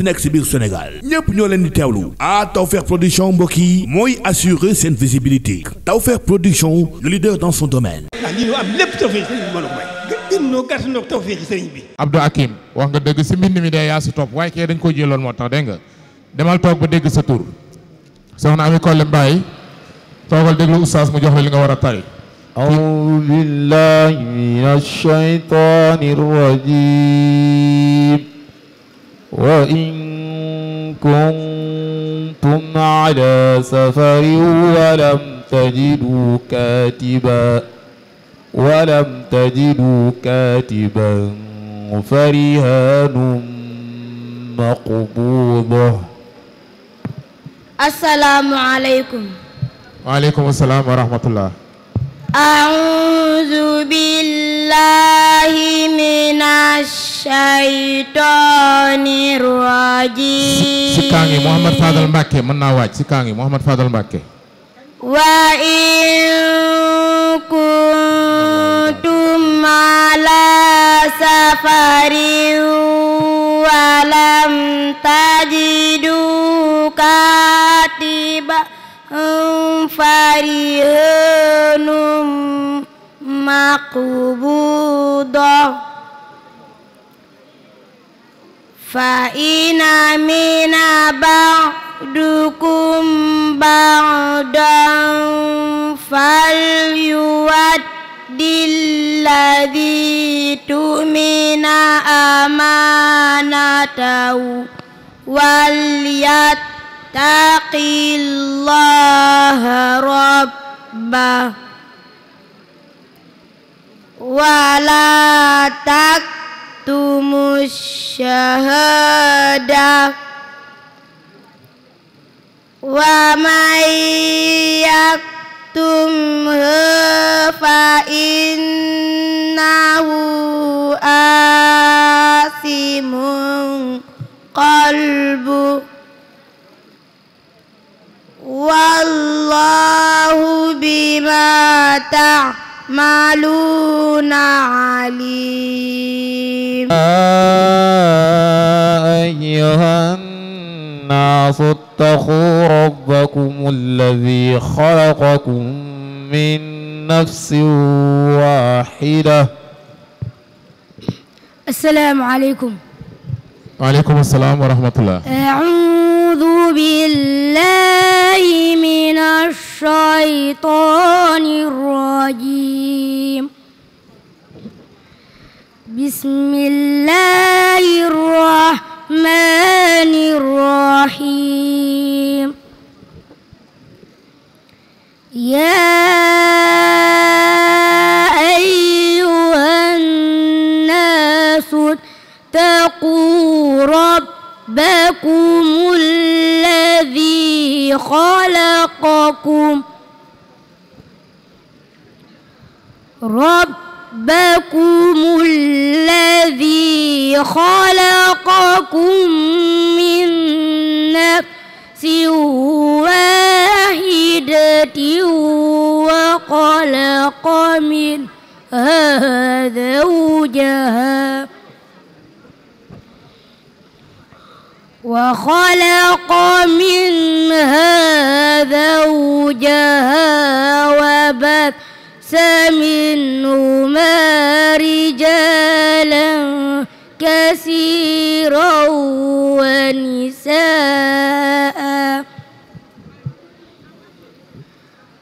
munti nekk si biir ñépp ñoo leen di teewlu ah Tawfekh production mbokk yi mooy assurer seen visibilité Tawfekh production le leader dans son domaine ah, Abdou Hakim wax nga dëgg si mbind mi dee yaa si topp waaye kee dañ ko jëloon moo tax dégg nga demal toog ba dégg sa tur soxna Ami Kolle Mbaye toogal déglu oustaz mu jox la li nga war a tari أعوذ بالله من الشيطان الرجيم وإن كنتم على سفر ولم تجدوا كاتبا ولم تجدوا كاتبا فرهان مقبوضة السلام عليكم وعليكم السلام ورحمة الله أعوذ بالله من الشيطان الرجيم si kaa ngi Mouhamad Fadal Mbacke mën naa waaj si kaa ngi Mouhamad Fadal Mbacke وإن كنتم على سفر ولم تجدوا كاتبا فرهان مقبوضة فإن من بعدكم بعدا فليؤد الذي تؤمن أمانته وليتق الله ربه ولا تكتموا الشهادة ومن يكتمها فإنه آثم قلبه والله بما تعملون يعملون عليم يا أيها الناس اتقوا ربكم الذي خلقكم من نفس واحدة السلام عليكم waaleykum salaam wa rahmatullah أعوذ بالله من الشيطان الرجيم بسم الله الرحمن الرحيم يا أيها واتقوا ربكم الذي خلقكم ربكم الذي خلقكم من نفس واحدة وخلق منها زوجها وخلق منها زوجها وبث منهما رجالا كثيرا ونساء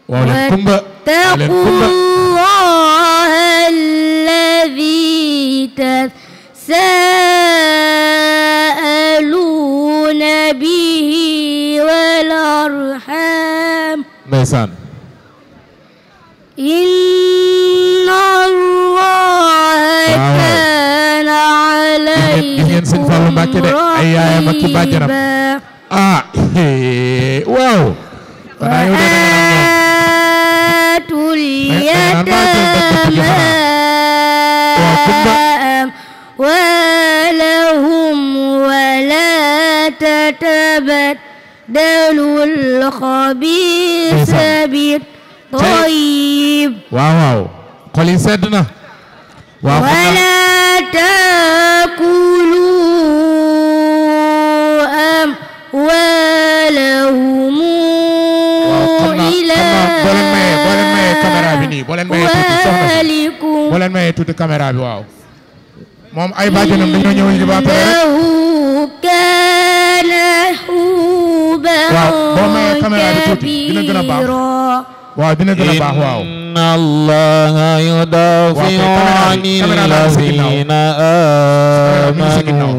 واتقوا الله الذي تساءلون arham ndeysaan inna allaha kaana alayhi gis ngeen sëñ Fallou Mbacke de ay yaayam ak ki bàjjanam ah waaw xanaa yow de atul yatama wa lahum wa la tatabat دلو الخبيث بالطيب waaw waaw xol yi sedd na ولا تأكلوا أموالهم إلى أموالكم boo leen mayee tuuti caméra bi waaw moom ay bàjjenam dañoo ñëw ñu ba pare waaw boo mayee caméra bi tuuti dina gën a baax waaw dina gën a baax waaw inna allaha yudafi'u anil ladina amanu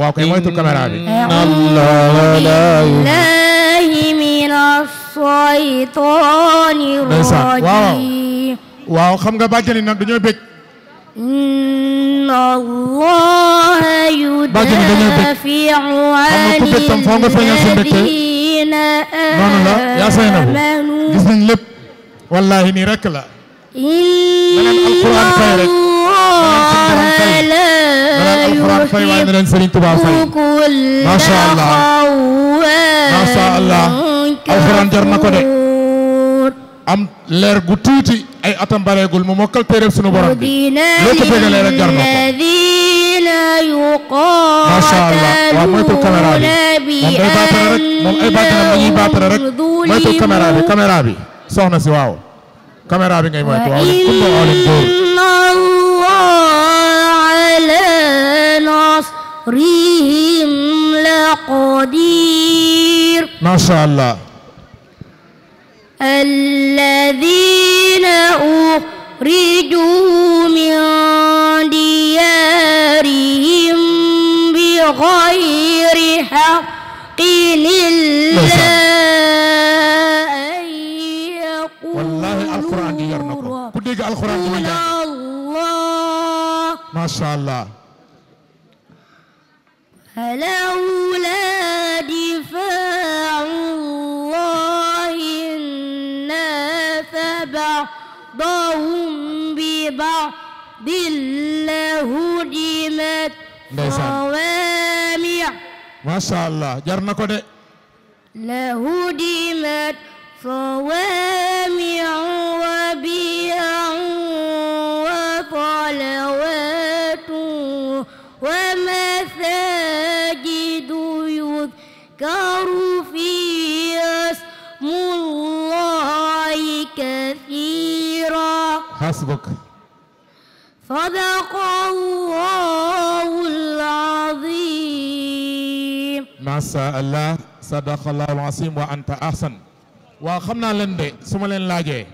waaw kay moytu caméra bi inna allaha la yudafi'u minash shaytanir rajim waaw xam nga bàjjani nag dañoo bëgg inna allaha yudafi'u anil ladina amanu noonu la yaa Saynabu gis nañ lépp wallaahi nii rek la danaan alquran fay rek danaan alquran fay waaye na leen Sëriñ Tuubaa fay macha allah macha allah alquran jar na ko de am leer gu tuuti ay atam bareegul mu mokkal téereb sunu borom bi loo ko bégalee rek jar na ko macha allah waaw moytu caméra bi moom day baatal rek moom ay bàjjanam dañuy baatare rek moytu caméra bi caméra bi soxna si waaw caméra bi ngay moytu waaw leen kumba waaw leen góor macha allah الذين أخرجوا من ديارهم بغير حق الحق لله أن يقولوا والله القرآن دي يرنكم كنت يجي القرآن دي يرنكم الله ما شاء الله فلولا دفاع الله الناس بعضهم ببعض لهدمت صوامع macha allah jar na ko de. لهدمت صوامع وبيع وصلوات ومساجد يذكر فيها اسم الله كثيرا حسبك صدق الله العظيم macha allah sadaqallahu asim wa anta ahsan waaw xam naa leen de su ma leen laajee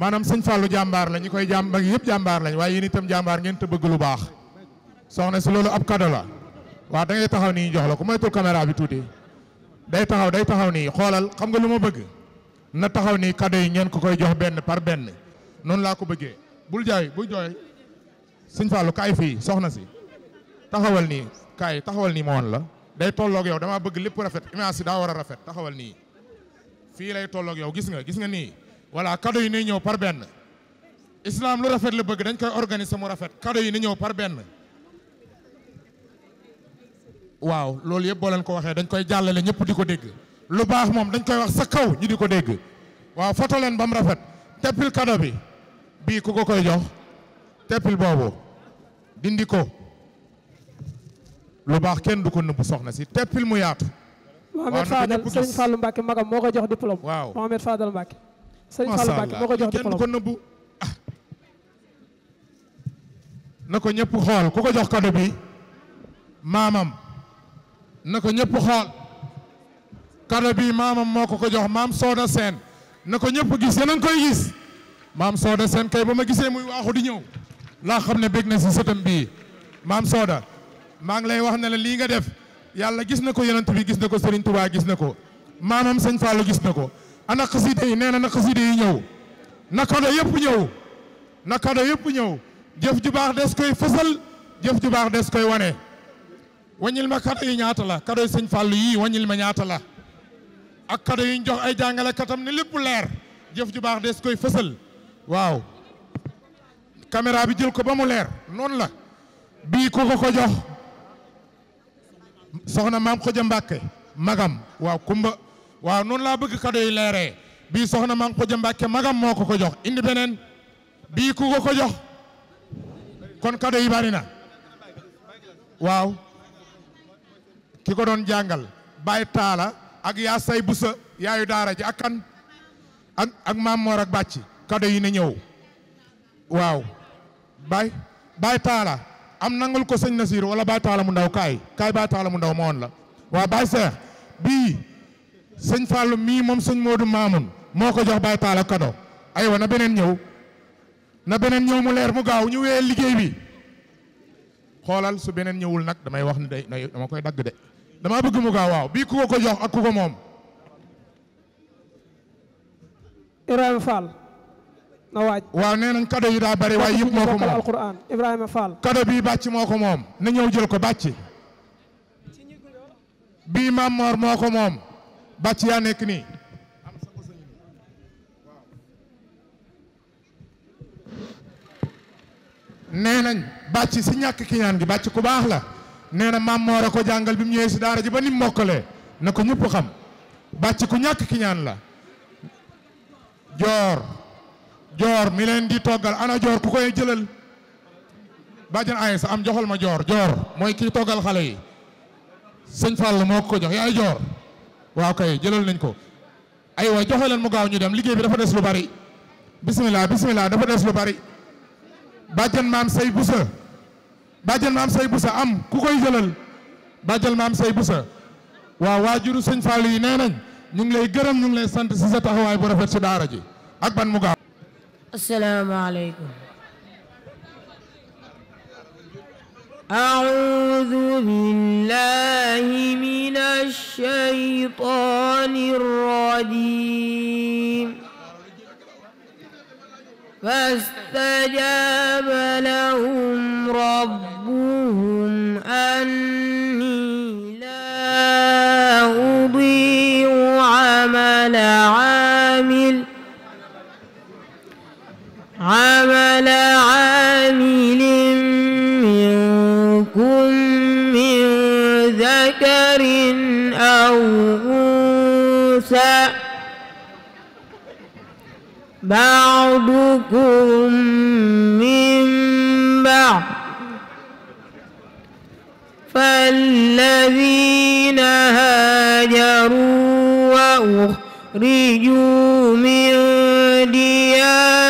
maanaam sëñ Fallou jàmbaar la ñu koy jàmba yëpp jàmbaar lañ waaye yéen itam jàmbaar ngeen te bëgg lu baax soxna si loolu ab kado la waaw da ngay taxaw nii jox la ku moytul caméra bi tuuti day taxaw day taxaw nii xoolal xam nga lu ma bëgg na taxaw nii kado yi ngeen ko koy jox benn par benn noonu laa ko bëggee bul jaay bul jooy sëñ Fallou kaay fii soxna si taxawal nii kaay taxawal nii ma woon la day tolloog yow damaa bëgg lépp rafet image si daa war a rafet taxawal nii fii lay tolloog yow gis nga gis nga nii voilà cadeau yi ni ñëw par benn islam lu rafet la bëgg dañ koy organiser mu rafet cadeau yi ni ñëw par benn waaw loolu yëpp boo leen ko waxee dañ koy jàllale ñëpp di ko dégg lu baax moom dañ koy wax sa kaw ñu di ko dégg waaw foto leen ba mu rafet teppil cadeau bi bii ku ko koy jox teppil boobu dindi ko lu baax kenn du ko nëbbu soxna si teppil mu yaatu. Mohamed Fadal Serigne Fallou Mbacke moo ko jox diplôme. waaw Mohamed Fadal Mbacke. Serigne Fallou Mbacke moo ko jox diplôme kenn ko ah. na ko ñëpp xool ku ko jox kado bi maamam moo ko ko jox maam Soda Sène na ko ñëpp gis yéen a koy gis maam Soda Sène kay ba ma gisee muy waaxu di ñëw laa xam ne bég na si sëtam bii maam Soda. maa ngi lay wax ne lii nga def yàlla gis na ko yonent bi gis na ko Serigne Touba gis na ko maamam sëñ Fallou gis na ko ana xasida yi nee na na xasida yi ñëw na kado yëpp ñëw na kado yëpp ñëw jëf ju baax des koy fësal jëf ju baax des koy wane waññil ma kado yi ñaata la kado yi sëñ Fallou yii waññil ma ñaata la ak kado yi ñu jox ay jàngale katam ne lépp leer jëf ju baax des koy fësal waaw caméra bi jël ko ba mu leer noon la bii ku ko ko jox soxna maam Xodja Mbàkke magam waaw kumba waaw noonu laa bëgg kado yi bii soxna maam Xodja Mbàkke magam moo ko ko indi beneen bii ku ko kon kado yi bari na waaw ki ko doon jàngal Baye Taala ak yaa say busa yaayu daara ji ak kan maam Moor ak bàcci kado yi na ñëw waaw Baye Baye Taala am nangul ko sëñ Nasir wala Baye Talla mu ndaw kaay kaay Baye Talla mu ndaw ma woon la waaw Baye Seex bii sëñ Fallou mii moom sëñ Modou Mamoun moo ko jox Baye Talla kado aywa na beneen ñëw na beneen ñëw mu leer mu gaaw ñu wéyal liggéey bi xoolal su beneen ñëwul nag damay wax ni day dama koy dagg de dama bëgg mu gaaw waaw bii ku ko ko jox ak ku moom Ibrahima Fall na waaw nee nañ cadeau yi daa bari waaye yëpp moo ko moom alquran Ibrahima Fall cadeau bii bàcc moo ko moom na ñëw jël ko bàcc bii maam moor moo ko moom bàcc yaa nekk nii nee nañ bàcc si ñàkk ki ñaan gi bàcc ku baax la nee na maam moor a ko jàngal bi mu ñëwee si daara ji ba ni mokkalee na ko ñëpp xam bàcc ku ñàkk ki ñaan la joor joor mi leen di toggal ana joor ku koy jëlal bàjjan ay sa am joxal ma joor joor mooy kii toggal xale yi sëñ Fall moo ko jox yaay joor waaw kay jëlal nañ ko ay waay joxe mu gaaw ñu dem liggéey bi dafa des lu bari bismillah bismillah dafa des lu bari bàjjan maam say busa bàjjan maam say busa am ku koy jëlal bàjjan maam say busa waa waajuru sëñ Fall yi nee nañ ñu ngi lay gërëm ñu ngi lay sant si sa taxawaay bu rafet si daara ji ak ban mu gaaw asalaamaaleykum أعوذ بالله من الشيطان الرجيم فاستجاب لهم ربهم أني لا أضيع عمل عامل عمل عامل منكم من ذكر أو أنثى بعضكم من بعض فالذين هاجروا وأخرجوا من ديارهم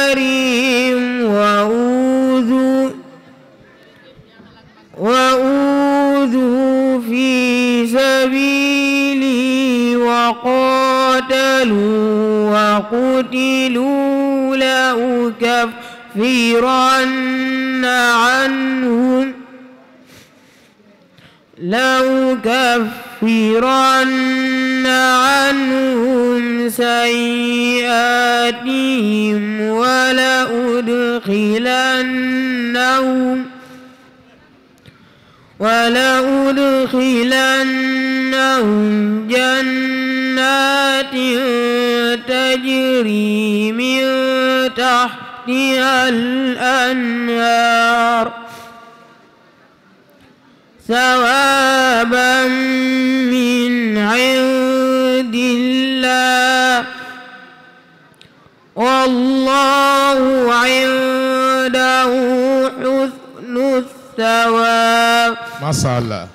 قتلوا وقتلوا لأكفرن عنهم لأكفرن عنهم سيئاتهم ولأدخلنهم ولأدخلنهم جنات تجري من تحتها الأنهار ثوابا من عند الله والله عنده حسن مستوى ما شاء الله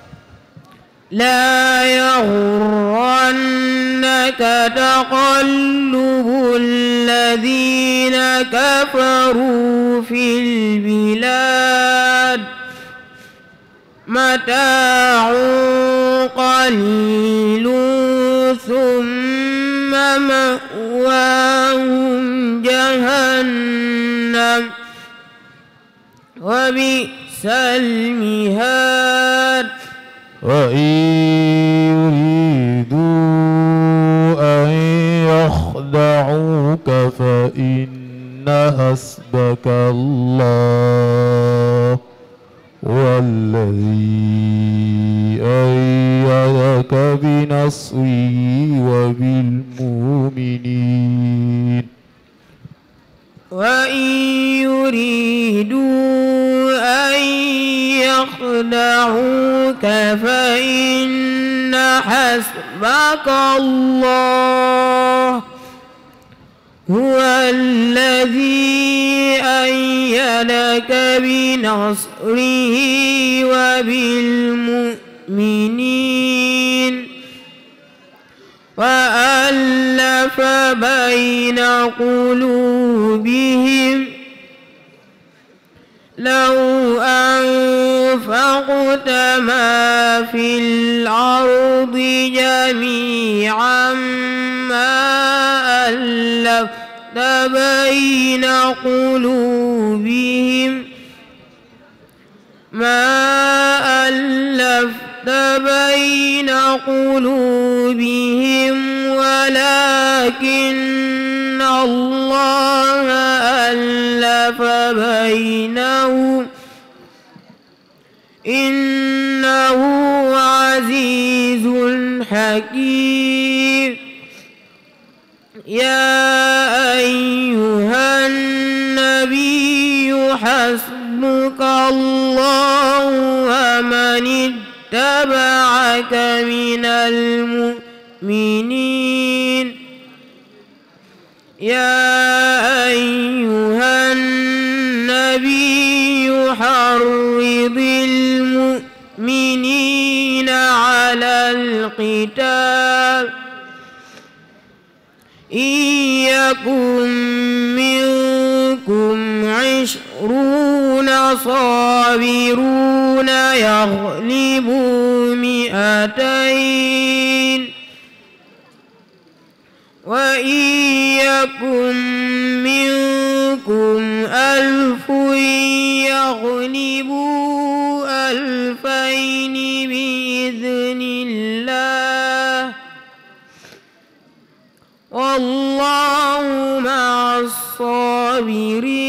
لا يغرنك تقلب الذين كفروا في البلاد متاع قليل ثم مأواهم جهنم وبئس بئس المهاد وإن يريدوا أن يخدعوك فإن حسبك الله والذي أيدك بنصره وبالمؤمنين وإن يريدوا يخدعوك فإن حسبك الله هو الذي أيدك بنصره وبالمؤمنين وألف بين قلوبهم لو أن أنفقت ما في الأرض جميعا ما ألفت بين قلوبهم ما ألفت بين قلوبهم ولكن الله ألف بينهم إنه عزيز حكيم يا أيها النبي حسبك الله ومن اتبعك من المؤمنين يا أيها يحرض المؤمنين على القتال إن يكن منكم عشرون صابرون يغلبوا مئتين وإن يكن منكم ألف يغلبوا ألفين بإذن الله والله مع الصابرين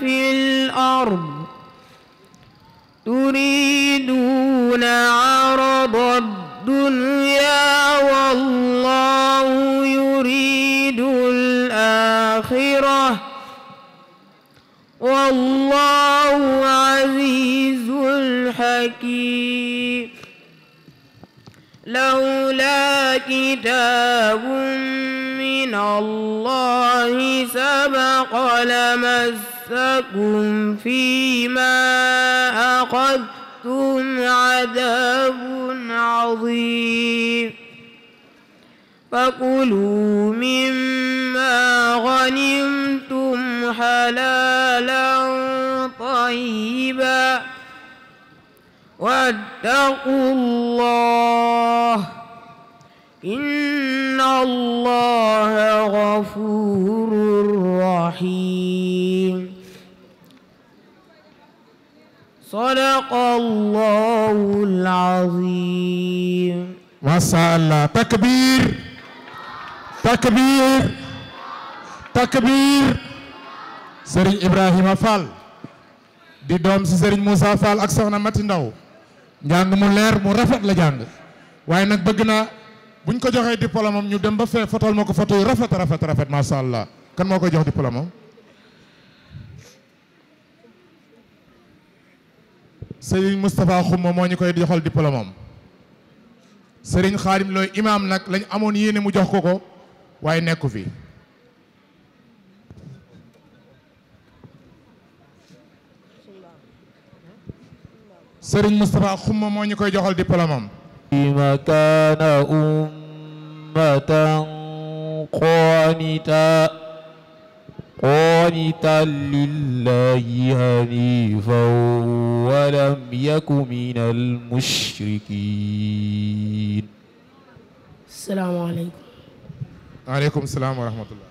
في الأرض تريدون عرض الدنيا والله يريد الآخرة والله عزيز حكيم لولا كتاب من الله سبق لمس مسكم فيما أخذتم عذاب عظيم فكلوا مما غنمتم حلالا طيبا واتقوا الله إن الله غفور رحيم sadaqallahul azim masha Allah takbir takbir takbir Serigne Ibrahima Fall di doom ci Serigne Moussa Fall ak soxna Mati Ndaw njàng mu leer mu rafet la jàng waaye nag bëgg naa ñu ko joxee diplôme am ñu dem ba fee fotol moo ko foto yu rafet rafet ma masha Allah kan moo koy jox diplôme am sëriñ Moustapha Xuma moo ñu koy joxal diplôme am sëriñ Xaadim looy imaam nag lañ amoon yéene mu jox ko ko waaye nekku fii sëriñ Moustapha Xuma moo ñu koy joxal diplôme am ma kaana ummatan qaanita قانتا لله حنيفا ولم يك من المشركين السلام عليكم وعليكم السلام ورحمة الله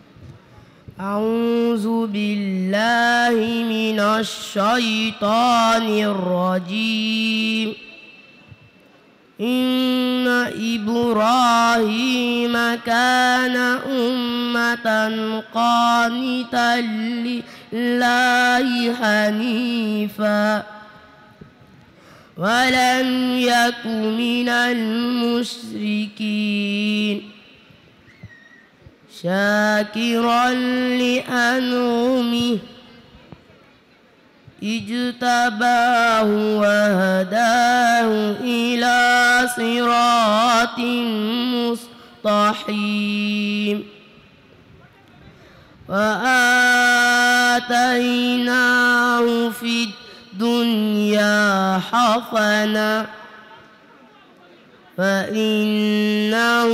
أعوذ بالله من الشيطان الرجيم إن إبراهيم كان أمة قانتا لله حنيفا ولم يك من المشركين شاكرا لأنعمه اجتباه وهداه إلى صراط مستقيم وآتيناه في الدنيا حسنة فإنه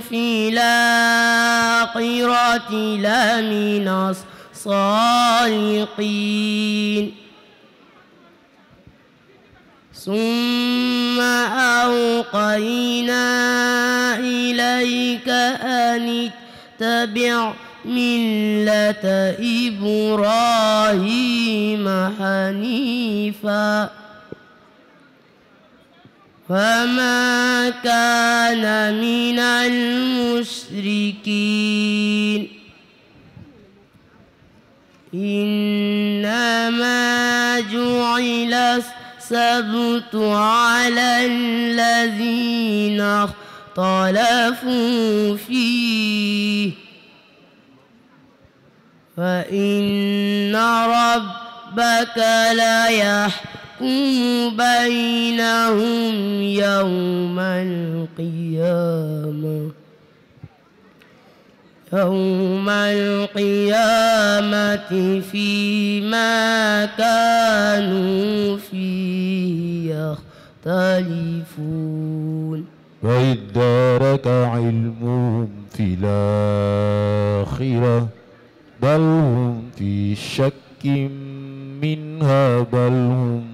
في الآخرة لمن الصالحين الصالقين ثم أوقينا إليك أن اتبع ملة إبراهيم حنيفا وما كان من المشركين إنما جعل السبت على الذين اختلفوا فيه فإن ربك ليحكم بينهم يوم القيامة يوم القيامة فيما كانوا فيه يختلفون وإذ دارك علمهم في الآخرة بل هم في شك منها بل هم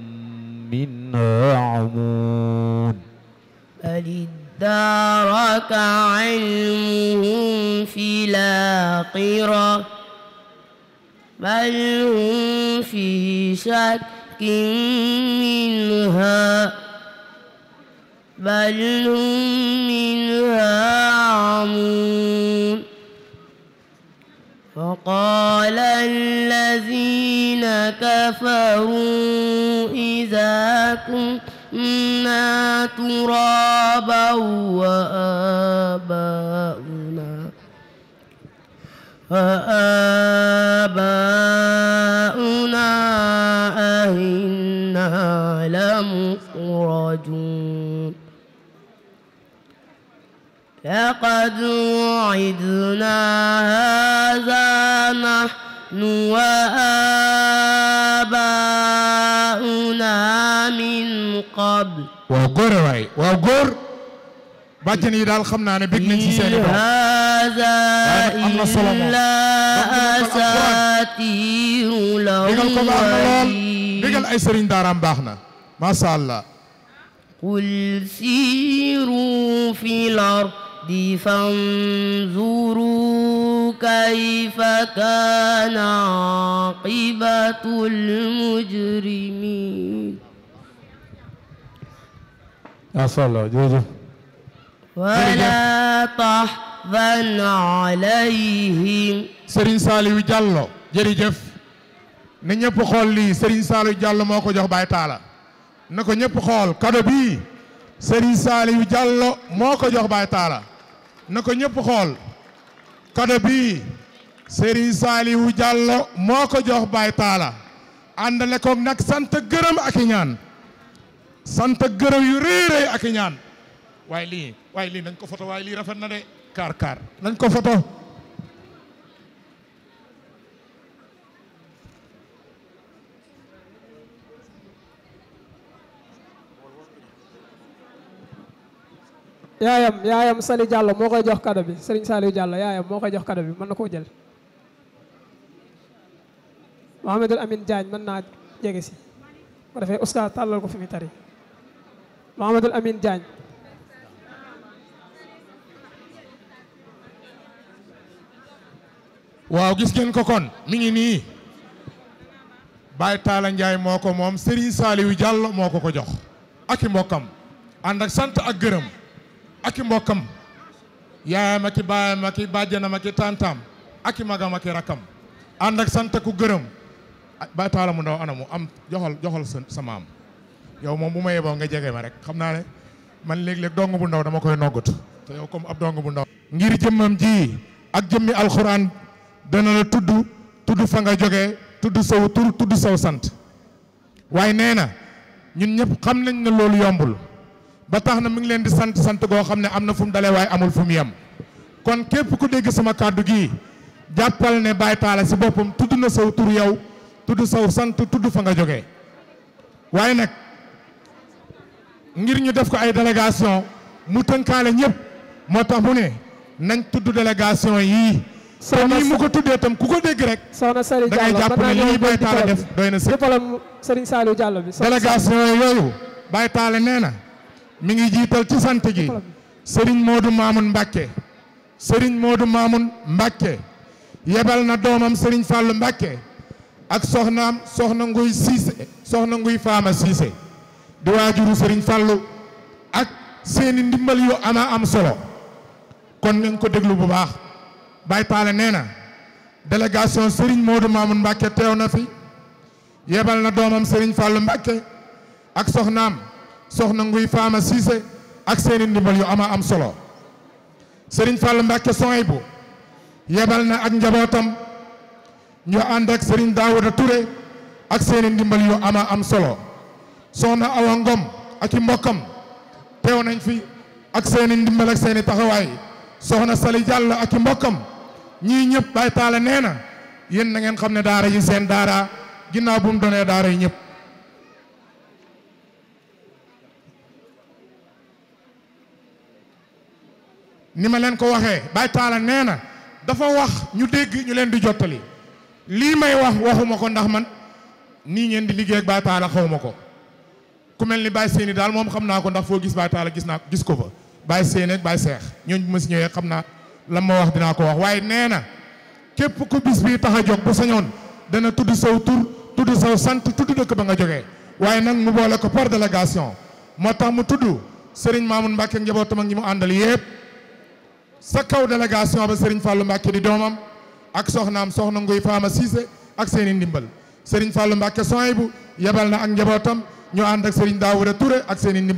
منها عمون ادارك علمهم في الآخرة بل هم في شك منها بل هم منها عمون وقال الذين كفروا إذا كنت ترابا وآباؤنا وآباؤنا أئنا لمخرجون لقد وعدنا هذا نحن وآباؤنا القبل وقر واي وقر bàjjen yi daal xam naa ne bég nañ ci seen bopp am na solo moom bégal ko baax na lool bégal ay sëriñ daaraam baax na macha allah qul siiru fi lardi fanzuru kayfa kaana aqibatu lmujrimin macha allah jërëjëf wala tahzan alayhim Serigne Saliou jërëjëf na ñëpp xool lii Serigne Saliou Diallo moo ko jox Baye Talla na ko ñëpp xool kado bii Serigne Saliou Diallo moo ko jox Baye Talla na ko ñëpp xool kado bii Serigne Saliou Diallo moo ko jox Baye Talla àndale ko nag sant gërëm ak ñaan sant ak gërëm yu réeréy ak ñaan waaye lii waaye lii nañ ko foto waaye lii rafet na de kaar kaar nañ ko foto yaayam yaayam Sali Diallo moo koy jox kado bi Serigne Saliou Diallo yaayam moo koy jox kado bi mën na koo jël Mouhamadul Amine Diagne mën naa jege si ko defee oustaz tàllal ko fi mu tari Mouhamadou Amine Diagne waaw gis ngeen ko kon mi ngi nii Baye Talla Ndiaye moo ko moom Serigne Saliou Diallo moo ko ko jox ak i mbokkam ànd ak sant ak gërëm ak i mbokkam yaayam ak i baayam ak i bàjjanam ak i tantam ak i magam ak rakkam ànd ak sant ku gërëm Baye Talla mu ndaw anamu am joxal joxal sa sa maam yow moom bu ma yeboo nga jege ma rek xam naa ne man léeg-léeg dong bu ndaw dama koy noggatu te yow comme ab dong bu ndaw. ngir jëmmam jii ak jëmmi alxuraan dana la tudd tudd fa nga joge tudd saw tur tudd saw sant waaye nee na ñun ñëpp xam nañ ne loolu yombul ba tax na mi ngi leen di sant sant goo xam ne am na fu mu dalee waaye amul fu mu yem. kon képp ku dégg sama kàddu gi jàppal ne Baye Talla boppam tudd na saw tur yow tudd saw sant tudd fa nga joge waaye nag. ngir ñu def ko ay délégation mu tënkaale ñëpp moo tax mu ne nañ tudd délégation yii. soxna Sali nii mu ko tuddee tam ku ko dégg rek. soxna Sali Diallo da jàpp ne lii Baye Talla def doy na sëkk. jëppaloon Serigne Saliou Diallo bi. délégation yooyu Baye Talla nee na mi ngi jiital ci sant gi Serigne Modou Mamoun Mbacke. Serigne Modou Mamoun Mbacke yebal na doomam Serigne Fallou Mbacke ak soxnaam soxna nguy Cissé soxna nguy Fama Cissé. di waajuru Serigne Fallou ak seeni ndimbal yu ama am solo kon nañ ko déglu bu baax Baye Paale nee na délégation Serigne Modou Mamoun Mbacke teew na fi yebal na doomam Serigne Fallou Mbacke ak soxnaam soxna nguy faama siise ak seeni ndimbal yu ama am solo Serigne Fallou Mbacke songay bu yebal na ak njabootam ñu ànd ak Serigne Daouda Touré ak seeni ndimbal yu ama am solo soxna Awa Ngom ak i mbokkam teew nañ fi ak seeni ndimbal ak seeni taxawaay soxna Sali Diallo ak i mbokkam ñii ñëpp Baye Talla nee na yéen na ngeen xam ne daara yi seen daara ginnaaw bu mu donee daara yi ñëpp ni ma leen ko waxee Baye Talla nee na dafa wax ñu dégg ñu leen di jottali lii may wax waxuma ko ndax man nii ñeen di liggéey ak Baye Talla xaw ma ko ku mel ni Baye Séni daal moom xam naa ko ndax foo gis Baye Talla gis naa ko gis ko fa Baye Séni ak Baye Seex ñooñu ma si ñëwee xam naa lan ma wax dinaa ko wax waaye nee na képp ku bis bii tax a jóg bu sañoon dana tudd saw tur tudd saw sant tudd dëkk ba nga jogee waaye nag mu boole ko par délégation moo tax mu tudd Serigne Mamoun Mbacke njabootam ak ñi mu àndal yëpp sa kaw délégation ba Serigne Fallou Mbacke di doomam ak soxnaam soxna nguy Fama Cissé ak seen i ndimbal Serigne Fallou Mbacke sooy bu yebal na ak njabootam. ñu ànd ak Serigne Daouda Touré ak seeni i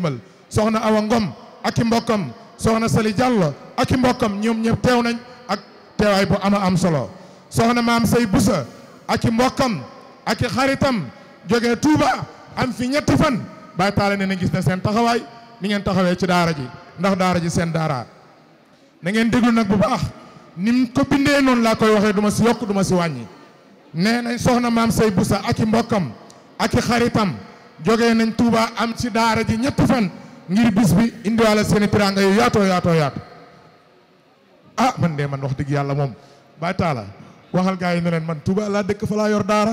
soxna Awa Ngom ak i mbokkam soxna Sali Diallo ak i mbokkam ñoom ñëpp teew nañ ak teewaay bu ama am solo soxna maam Sey Busa ak i mbokkam ak i xaritam jógee Touba am fi ñetti fan bàyyi taale ne na gis ne seen taxawaay ni ngeen taxawee ci daara ji ndax daara ji seen daara na ngeen déglu nag bu baax ni mu ko noonu laa koy waxee du ma si yokk duma ci si wàññi nee nañ soxna maam Sey Busa ak i mbokkam ak i xaritam joge nañ Touba am ci daara ji ñetti fan ngir bis bi indiwaale seen i tiraanga yu yaatoo yaatoo yaatu ah man de man wax dëgg yàlla moom bàyyi taala waxal gars yi ne leen man Touba laa dëkk fa laa yor daara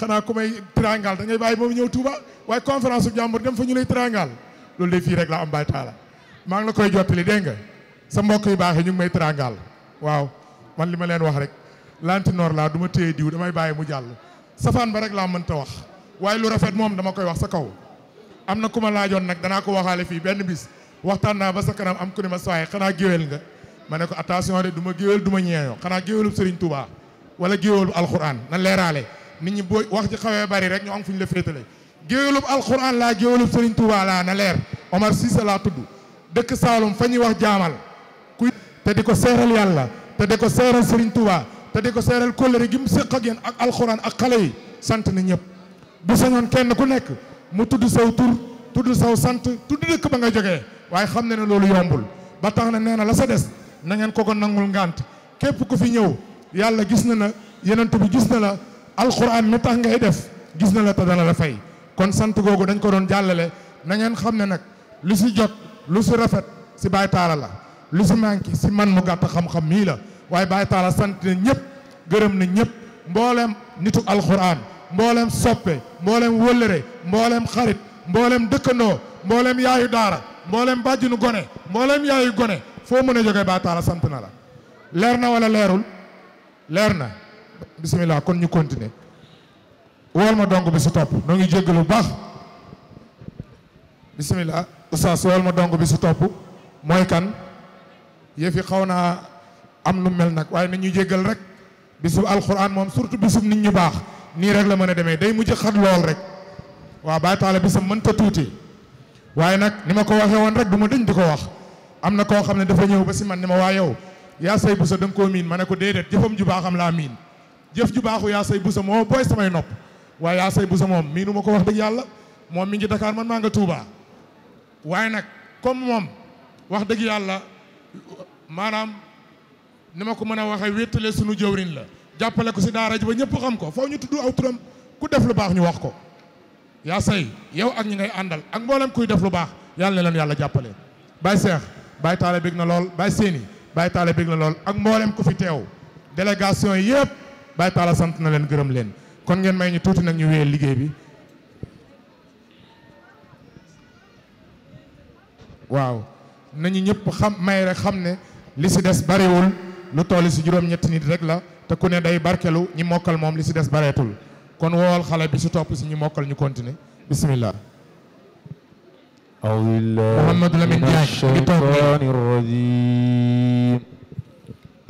xanaa ku may tiraangal da ngay bàyyi moom ñëw Touba waaye conférence bu jàmbur dem fa ñu lay tiraangal loolu de fii rek laa am bàyyi taala maa ngi la koy jottali dégg nga sa mbokk yu baax yi ñu may tiraangal waaw man li ma leen wax rek lanti noor laa du ma téye diw damay bàyyi mu jàll safaan ba rek laa mënta wax. waaye lu rafet moom dama koy wax sa kaw am na ku ma laajoon nag danaa ko waxaale fii benn bis waxtaan naa ba sa kanam am ku ne ma saay xanaa géwél nga ma ne ko attention de du ma géwél duma ma ñeeñoo xanaa géwélu Serigne Touba wala géwélu alxuraan na leeraale nit ñi booy wax ci xawee bari rek ñu am fu ñu la féetale géwélub alxuraan laa géwélub Serigne Touba laa na leer Omar Cissé laa tudd dëkk Saalum fa ñuy wax jaamal ku te di ko seeral yàlla te di ko seeral Serigne Touba te di ko seeral kóllëre gi mu séq ak yéen ak xale yi sant na ñëpp bu sañoon kenn ku nekk mu tudd saw tur tudd saw sant tudd dëkk ba nga jógee waaye xam ne na loolu yombul ba tax na nee na la sa des na ngeen koo ko nangul ngànt képp ku fi ñëw yàlla gis na la yenentu bi gis na la alxuraan mi tax ngay def gis na la te dana la fay kon sant googu dañ ko doon jàllale na ngeen xam ne nag lu si jot lu si rafet si Baye Talla la lu si manqué si man mu gàtt xam-xam mii la waaye Baye Talla sant na ñëpp gërëm na ñëpp mbooleem nitu alxuraan mboolem soppe mboolem wëllëre mboolem xarit mboolem dëkkandoo mboolem yaayu daara mboolem bàjjinu gone mboolem yaayu gone foo mën a jógee ba taala sant na la leer na wala leerul leer na bisimilah kon ñu continuer wool ma dong bi si topp noo ngi jéggalu bu baax bisimilah oustaz wool ma dong bi si topp mooy kan yëf yi xaw naa am nu mel nag waaye na ñu jéggal rek bisub alquran moom surtout bisub nit ñu baax nii rek la mën a demee day mujj xat lool rek waaw baay taala bisam mën ko tuuti waaye nag ni ma ko waxee woon rek du ma dëñ di ko wax am na koo xam ne dafa ñëw ba si man ne ma waa yow yaa say busa da nga koo miin ma ne ko déedéet jëfam ju baaxam laa miin jëf ju baaxu yaa say busa moo booy samay nopp waaye yaa say busa moom miinu ma ko wax dëgg yàlla moom mi ngi man maa nga Touba nag comme moom wax dëgg yàlla maanaam ni ma ko mën a waxee wéttale sunu jëwriñ la jàppale ko si daara ji ba ñëpp xam ko foo ñu tudd aw turam ku def lu baax ñu wax ko yaa say yow ak ñi ngay àndal ak mboolem kuy def lu baax yàlla na leen yàlla jàppale Baye Cheikh Baye Taale bég na lool Baye Séni Baye Taale bég na lool ak mboolem ku fi teew délégation yi yëpp Baye Taale sant na leen gërëm leen kon ngeen may ñu tuuti nag ñu wéyal liggéey bi waaw nañu ñëpp xam may rek xam ne li si des bariwul lu toll si juróom-ñetti nit rek la te ku ne day barkelu ñi mokkal moom li si des bareetul kon woowal xale bi si topp si ñi mokkal ñu continuer bismillah Mouhamadou Lamine Diagne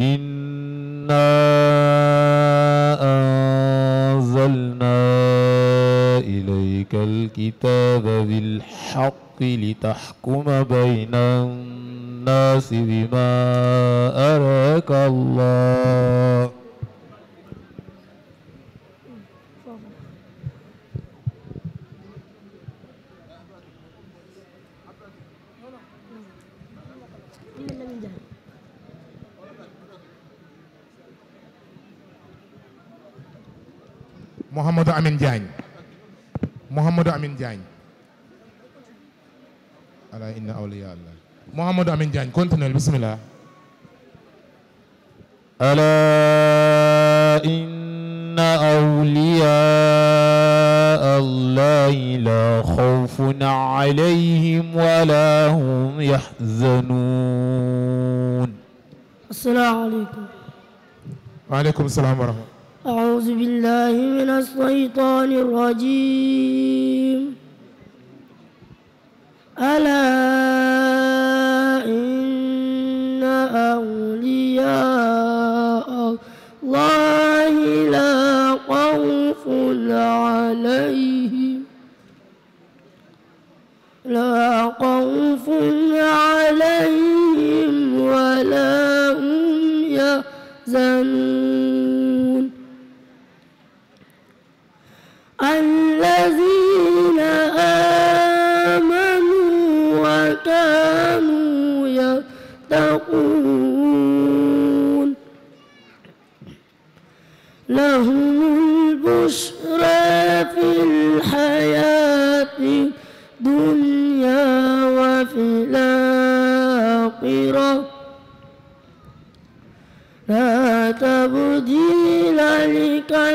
mi toog الكتاب بالحق لتحكم بين الناس بما أراك الله Mouhamadou Amine Diagne Mouhamadou Amine Diagne ala inna awliya allah Mouhamadou Amine Diagne continuez bismillah ala inna awliya allahi la khawfun alayhim wala hum yahzanun assalaamu alaykum waaleykum salaam wa rahmatullah بالله من الشيطان الرجيم ألا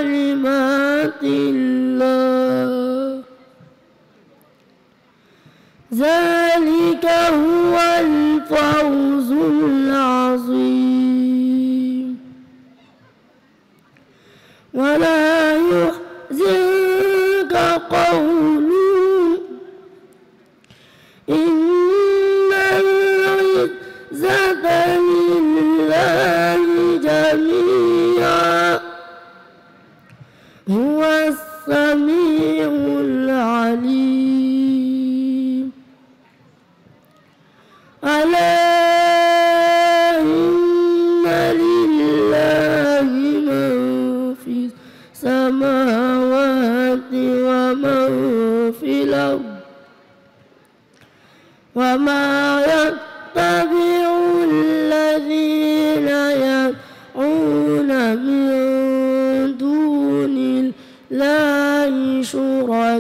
كلمات الله ذلك هو الفوز العظيم ولا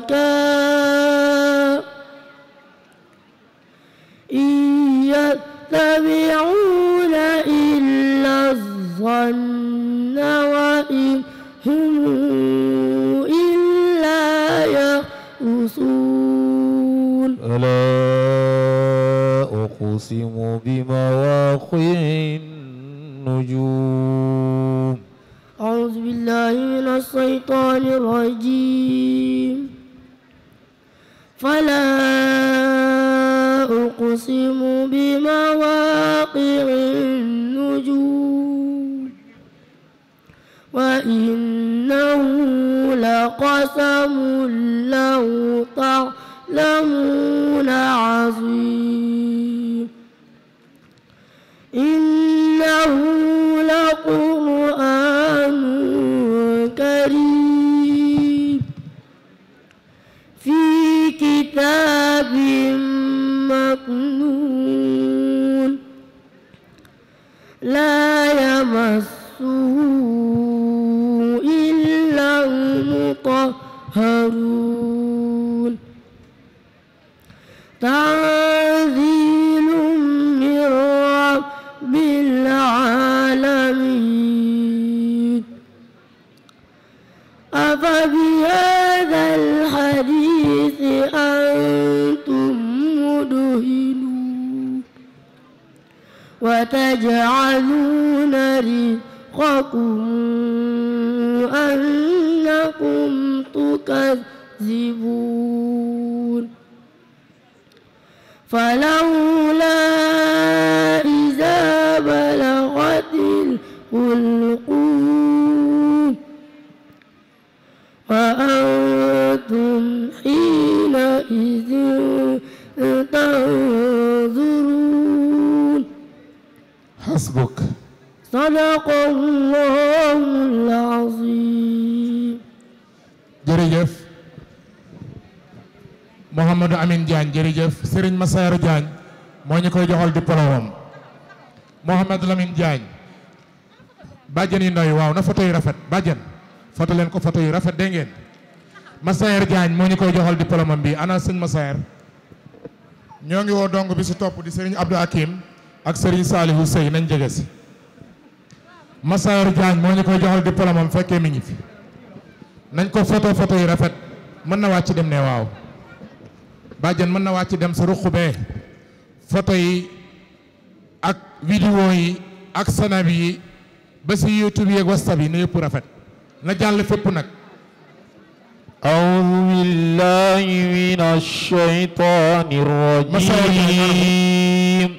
شركاء إن يتبعون إلا الظن وإن هم إلا يخرصون فلا أقسم بمواقع النجوم أعوذ بالله من الشيطان الرجيم إنه لقسم لو تعلمون عظيم تجعلون رزقكم أنكم تكذبون فلولا sadaqallahul azim jërëjëf Mouhamadou Amine Diagne jërëjëf sëriñ Massayar Diagne moo ñu koy joxal diplôme am Mouhamadou Lamine Diagne bàjjen yi noy waaw na photo yu rafet bàjjen photo leen ko photo yu rafet dégg ngeen Massayar Diagne moo ñu koy joxal diplôme am bi ana Serigne Massayar ñoo ngi woo dong bi si topp di Serigne Abdou Hakim ak Serigne Salihou sëy nañ jege si Massaor Diagne moo ñu koy joxal diplôme am fekkee mi ngi fi nañ ko photo photo yi rafet mën na wàcc dem ne waaw bàjjen mën na wàcc dem sa ruq bee photo yi ak vidéo yi ak sanab yi ba si youtube yeeg whatsapp yi na yëpp rafet na jàll fépp nag أعوذ بالله من الشيطان الرجيم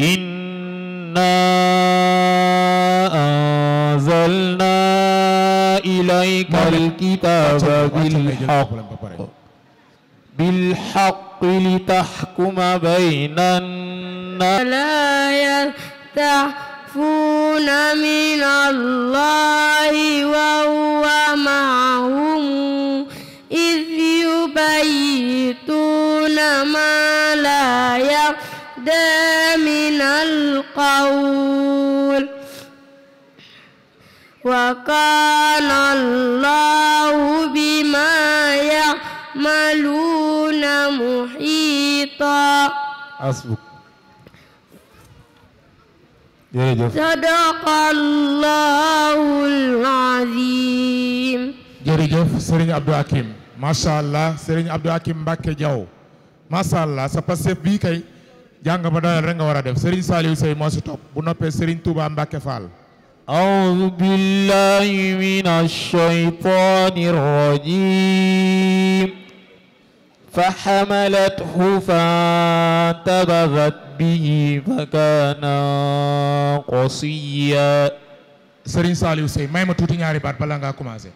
إنا عليك الكتاب بالحق بالحق لتحكم بين الناس لا يستعفون من الله وهو معهم إذ يبيتون ما لا يرضى من القول wa kaana Allahu bimaa ya'maluuna muhiitan. asbuk. jërëjëf. sadaqallaahul aziim. jërëjëf Serigne Abdou Hakim macha allah Serigne Abdou Hakim Mbacke Diaw macha allah sa passé bii kay jàng ba doyal rek nga war a def Serigne Saliou Sey moo si topp bu noppee Serigne Touba Mbacke Fall. أعوذ بالله من الشيطان الرجيم فحملته فانتبذت به مكانا قصيا Serigne Saliou Seye may ma tuuti ñaari baat balaa ngaa commencé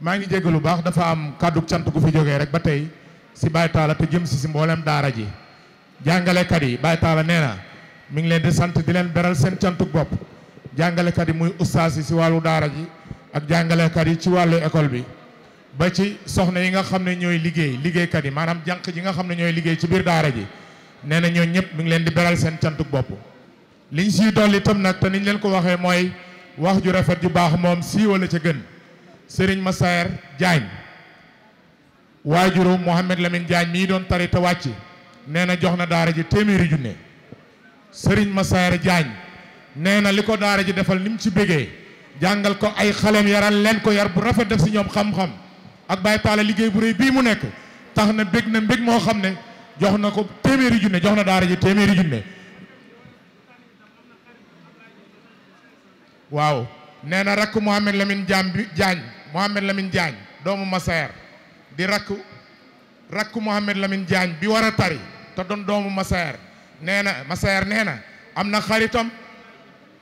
maa ngi jégg lu baax dafa am kàddu cant gu fi jógee rek ba tey si Baye Talla te jëm si si mboolem daara ji jàngalekat yi Baye Talla nee na mi ngi leen di sant di leen beral seen cantuk bopp jàngalekat yi muy ustaas yi si wàllu daara ji ak jàngalekat yi ci wàllu école bi ba ci soxna yi nga xam ne ñooy liggéey liggéeykat yi maanaam jànq ji nga xam ne ñooy liggéey ci biir daara ji nee na ñoo ñëpp mi ngi leen di beral seen cantuk bopp liñ siy dolli itam nag te niñ leen ko waxee mooy wax ju rafet ju baax moom sii wala ca gën Serigne Massaer Diagne waajuru Mouhamed Lamine jaañ mii doon tari te wàcc nee na jox na daara ji téeméeri junne Serigne Massaer Diagne nee na li ko daara ji defal ni mu ci bégee jàngal ko ay xaleem yaral leen ko yar bu rafet def si ñoom xam-xam ak Baye Talla liggéey bu rëy bii mu nekk tax na bég na mbég moo xam ne jox na ko téeméeri junne jox na daara ji téeméeri junne waaw nee na rakk Mohamed lamin Diagne bi Diagne Mohamed Lamine Diagne doomu Massaer di rakk rakk Mohamed Lamine Diagne bi war a tari te doon doomu Massaer nee na Massaer nee na am na xaritam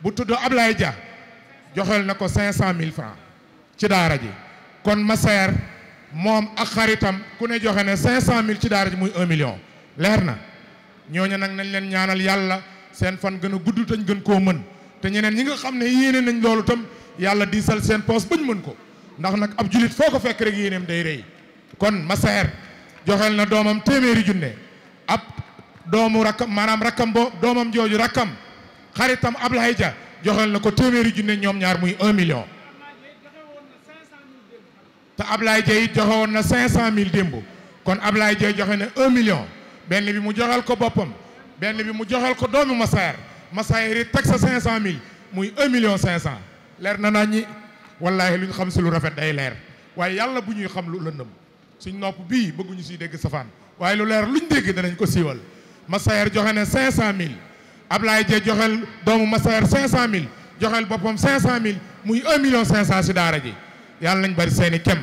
bu tudd Ablaye Dia joxel na ko cinq cent mille francs ci daara ji kon Massaer moom ak xaritam ku ne joxe ne cinq cent mille ci daara ji muy un million leer na ñooñu nag nañ leen ñaanal yàlla seen fan gën a gudd tañ gën koo mën te ñeneen ñi nga xam ne yéene nañ loolu tam yàlla diisal seen poos bañ mën ko ndax nag ab julit foo ko fekk rek yéeneem day rëy kon Massaer joxel na doomam téeméeri junne ab doomu rakkam maanaam rakkam bo doomam jooju rakkam xaritam Ablaye Dia joxel na ko téeméeri junne ñoom ñaar muy 1 million. te Ablaye Dia it joxe woon na 500000 démb kon Ablaye Dia joxe na 1 million benn bi mu joxal ko boppam benn bi mu joxal ko doomu Massaer Massaer it teg sa 500000 muy 1 million 500. leer na naa ñi wallaahi lu ñu xam si lu rafet day leer waaye yàlla bu ñuy xam lu lëndëm suñ nopp bii bëgguñu si dégg safaan waaye lu leer luñ dégg danañ ko siiwal Massaer joxe na 500000. Ablaye Dieng joxel doomu Masaar 500000 joxel boppam 500000 muy 1 million 500 si daara ji yàlla nañ bari seen i kem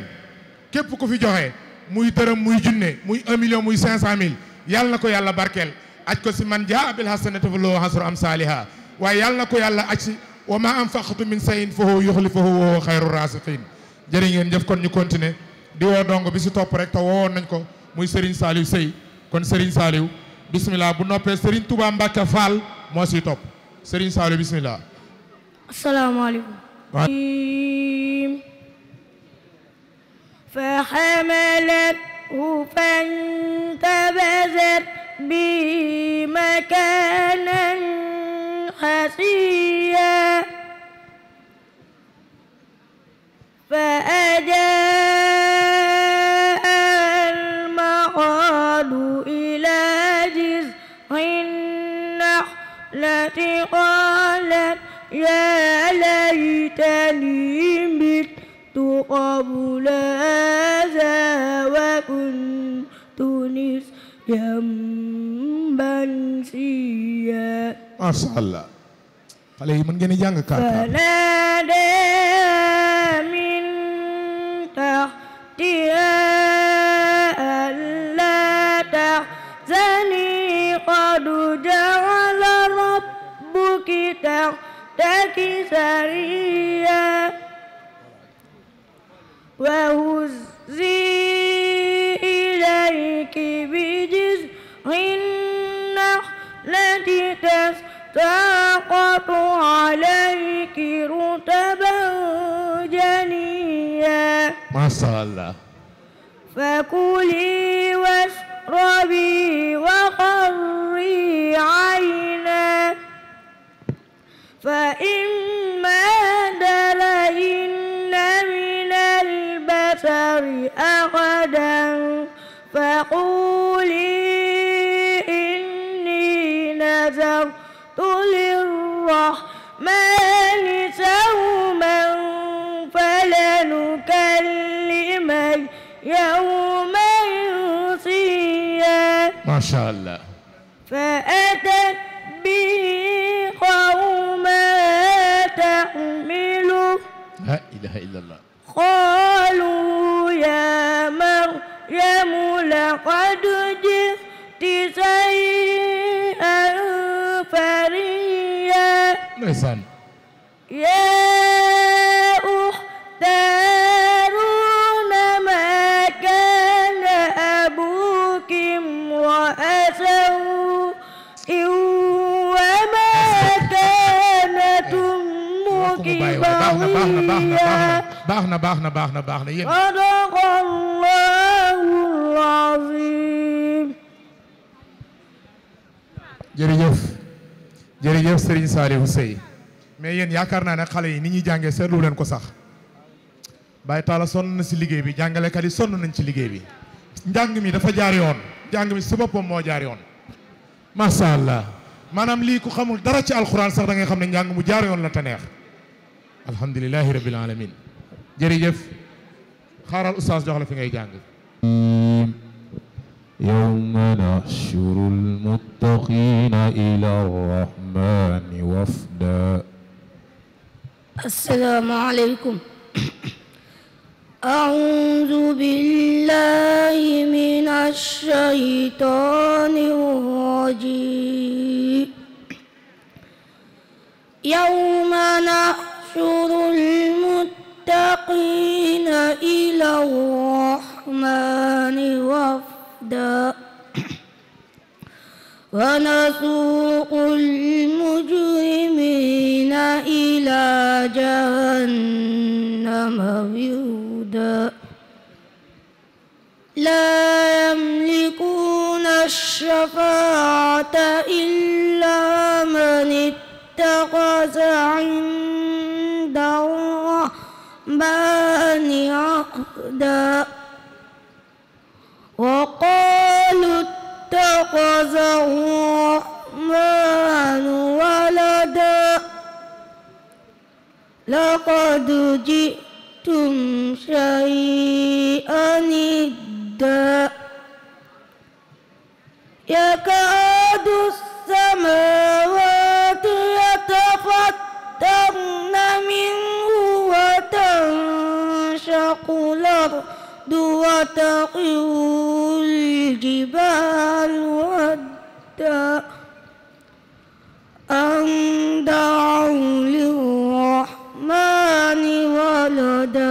képp ku fi joxe muy dërëm muy junne muy 1 million muy 500000 yàlla ko yàlla barkeel aj ko si man jaa abil hasanati falahu asru amsaaliha waaye yàlla na ko yàlla aj si wa ma anfaqtu min sayin fa huwa yuxlifahu wa huwa xayru raasiqin jërë ngeen jëf kon ñu continuer di woo dong bi si topp rek te woowoon nañ ko muy Serigne Saliou Sey kon Serigne Saliou moo siy topp Serigne Saliou bismillah asalaamaaleykum فحملته فانتبذت به مكانا قصيا فأجاب قبل هذا وكنت نسيا منسيا ما شاء الله xale yi mën ngeen di jàng kaakaar فنادى من تحتها ألا تحزني قد جعل ربك تحتك سريا وهزي إليك بجذع النخلة تساقط عليك رطبا جنيا ما شاء الله فكلي واشربي وقري عينا فإما غدا فقولي إني نذرت للرحمن سوما فلنكلم يوم صيا ما شاء الله فأتت به قوما تحمله لا إله إلا الله لقد جئت شيئا فريا نيسان يا أخت هارون ما كان أبوك امرأ سوء وما كانت أمك بغيا baax na baax na baax na baax na baax na baax na yéen jërëjëf jërëjëf Serigne Saliou Sey mais yéen yaakaar naa ne xale yi ni ñuy jàngee seetlu leen ko sax Baye Talla sonn na si liggéey bi jàngalekat yi sonn nañ ci liggéey bi njàng mi dafa jaar yoon njàng mi si boppam moo jaar yoon macha allah maanaam lii ku xamul dara ci alxuraan sax da ngay xam ne njàng mu jaar yoon la te neex alhamdulilahi rabbil alamin jërëjëf xaaral oustaz jox la fi ngay jàng ونحشر المتقين إلى الرحمن وفدا السلام عليكم أعوذ بالله من الشيطان الرجيم يوم نحشر المتقين إلى الرحمن وفدا ونسوق المجرمين إلى جهنم وردا لا يملكون الشفاعة إلا من اتخذ عند الرحمن عهدا وقالوا اتخذه الرحمن ولدا لقد جئتم شيئا إدا يكاد السماوات يتفطرن منه وتنشق الأرض والود وتقر الجبال ودا أن دعوا للرحمن ولدا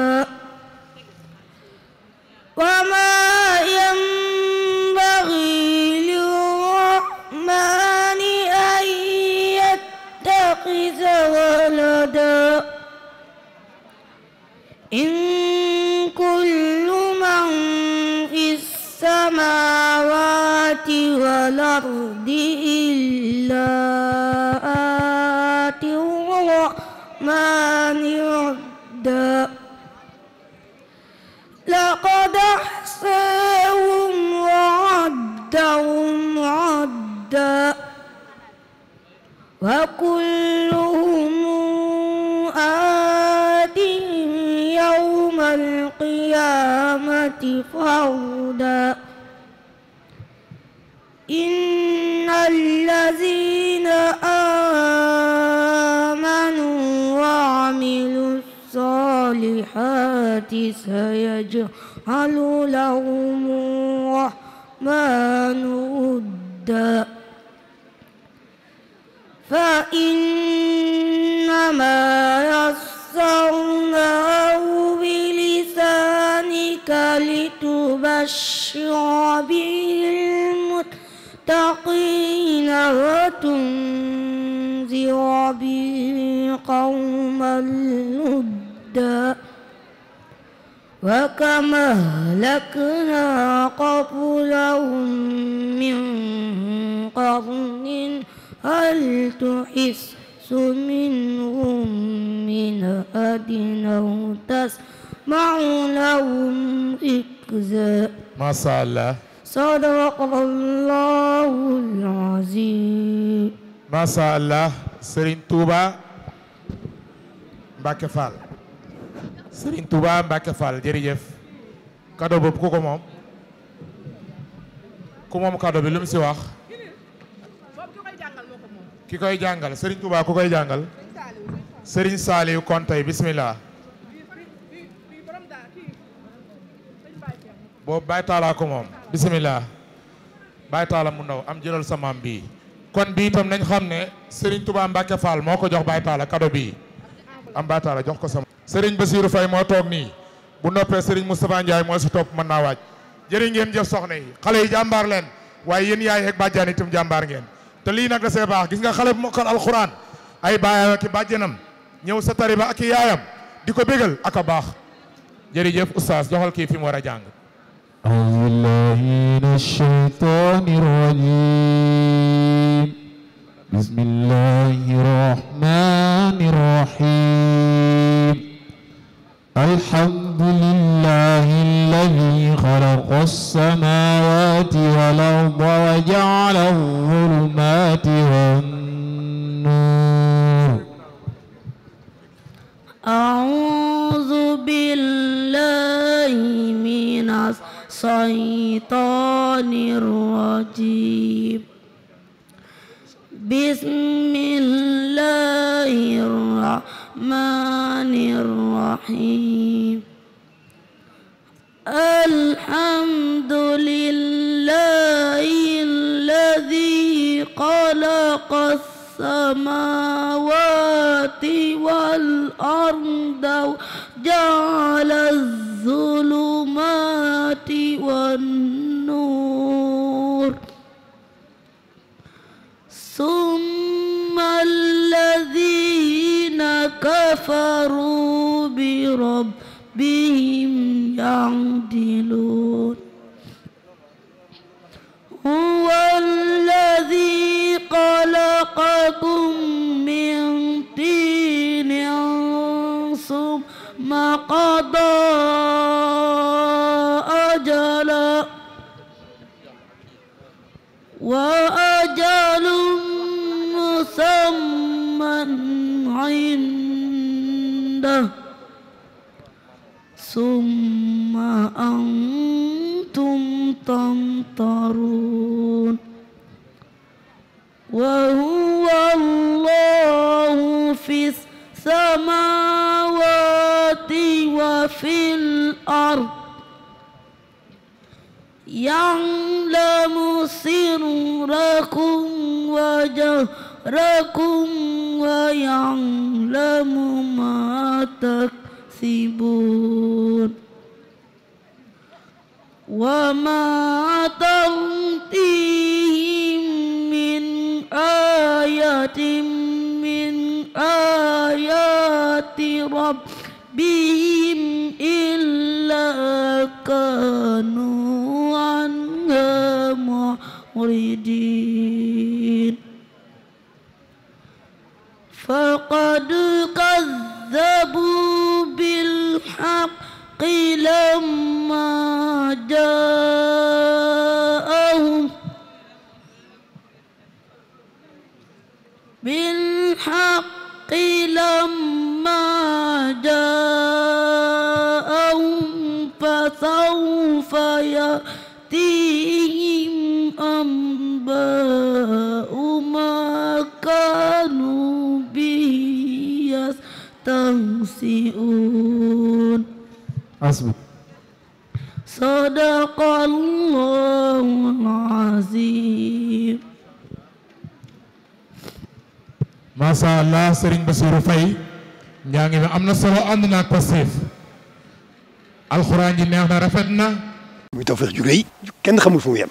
الأرض إلا آتي الرحمن عبدا لقد أحصاهم وعدهم عدا وكلهم آتي يوم القيامة فردا إن الذين آمنوا وعملوا الصالحات سيجعل لهم الرحمن ودا فإنما يسرناه بلسانك لتبشر به المتقين للمتقين وتنذر به قوما لدا وكما أهلكنا قبلهم من قرن هل تحس منهم من أحد أو تسمع لهم ركزا ما شاء الله sadaqallahul azim masha allah Serigne Touba Mbacke Fall Serigne Touba Mbacke Fall jërëjëf cadeau boobu ku ko moom ku moom cadeau bi lu si wax ki koy jàngal Serigne Touba ku koy jàngal Serigne Saliou Konte bismillah boobu bàyyi taalaa moom bisimilah bàyyi taala mu ndaw am jëlal samaam bi kon bi itam nañ xam ne Serigne Touba Mbacke Fall moo ko jox bàyyi taala kado bi am bàyyi taala jox ko sama Serigne Bassirou Faye moo toog nii bu noppee Serigne Moustapha Ndiaye moo si topp man naa waaj jërë ngeen jëf soxna yi xale yi jàmbaar leen waaye yéen yaay ak bàjjaan itam jàmbaar ngeen te lii nag da see baax gis nga xale bu mokkal alxuraan ay baayam ak i ñëw sa tariba ak yaayam di ko bégal a baax jërëjëf oustaz joxal mu war a jàng أعوذ بالله من الشيطان الرجيم بسم الله الرحمن الرحيم الحمد لله الذي خلق السماوات والأرض وجعل الظلمات والنور أعوذ بالله من الشيطان الشيطان الرجيم بسم الله الرحمن الرحيم الحمد لله الذي خلق السماوات والأرض وجعل الظلم كفروا بربهم يعدلون هو الذي خلقكم من طين ثم قضى أجلا وأجل مسمى عند عنده ثم أنتم تمطرون وهو الله في السماوات وفي الأرض يعلم سركم وجهكم صبركم ويعلم ما تكسبون وما تغطيهم من آية من آيات ربهم إلا كانوا عنها معرضين يخسئون حسبك صدق الله العظيم maa sha Allah Serigne Bassirou Faye njaa ngi mi am na solo ànd naa ko siif alxuraan ji neex na rafet na muy Tawfekh ju rëy kenn xamul fu mu yem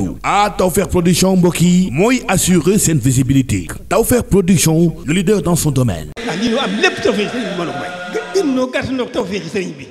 teewlu ah Tawfekh production mbokk yi mooy assurer seen visibilité Tawfekh production le leader dans son domaine. ah lii am lépp Tawfekh sëriñ bi bi.